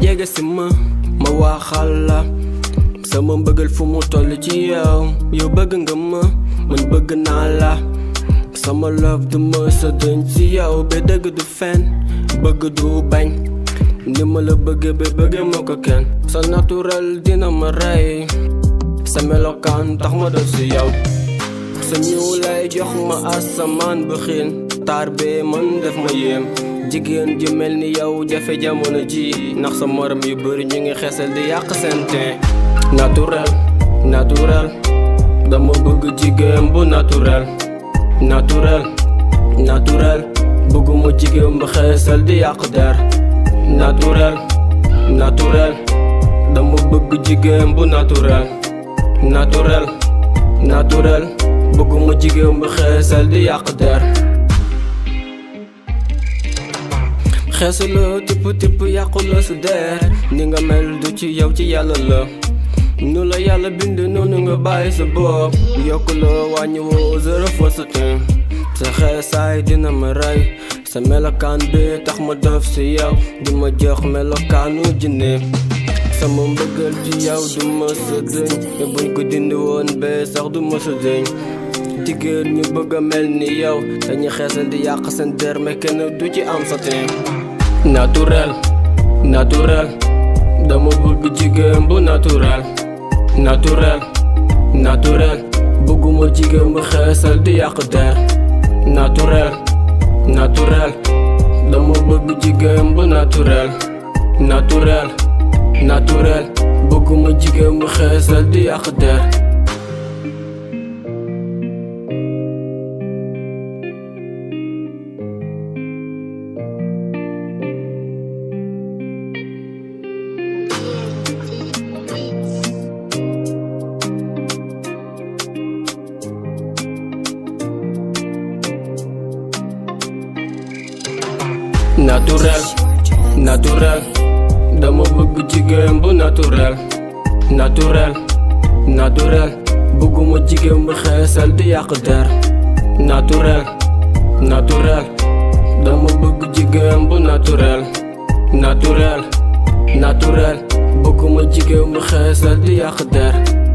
جيجا سما ما واخلا سما بقى الفمو طالتي يو يو بقى نقما من بقى نعلا سما لاف دما سدنسي يو بدا قد فان بقى دوبان نما لبقى ببقى موكا كان سنة تورال دينا مراي سمي لو كان تخمى دوسي يو سمي ولاي جيخ ما أسمان بخين تار بي من دف ميم jigen ju melni yow jafé jamono ji ndax sa morom yu beuri ñu ngi xesal di yaq sen natural. naturel naturel dama bëgg jigen bu naturel naturel naturel bëgguma jigen bu xeesal di yaq dar naturel naturel dama bëgg jigen bu naturel naturel naturel bëgguma jigen bu xeesal di yàq der xeesuloo tipp tipp yàquloo su deer ni nga mel du ci yow ci yàlla la nu la yàlla bind noonu nga bàyyi sa bopp yokkuloo wàññiwoo zéro sa tin sa xeesaay dina ma rey sa melokaan bi tax ma def si yow di ma jox melokaanu jinne sama mbëggal ci yow du ma sa dëñ te buñ ko dindi woon bee sax du ma sa dëñ jigéen ñu bëgg mel ni yow dañu xeesal di yàq seen der mais kenn du ci am sa tin Natural, natural Da ma bëgg jigéen natural natural Natural, natural Bëgguma jigéen bu xeesal di yàq Natural, natural Da ma bëgg jigéen natural natural Natural, natural Bëgguma jigéen bu xeesal di yàq Natural, natural Dama bëgg jigéen bu natural, natural. Naturel, naturel Bëgguma jigéen bu xeesal di yàq natural. natural, naturel Dama bëgg jigéen bu natural, natural. Naturel, naturel Bëgguma jigéen bu xeesal di yàq dar.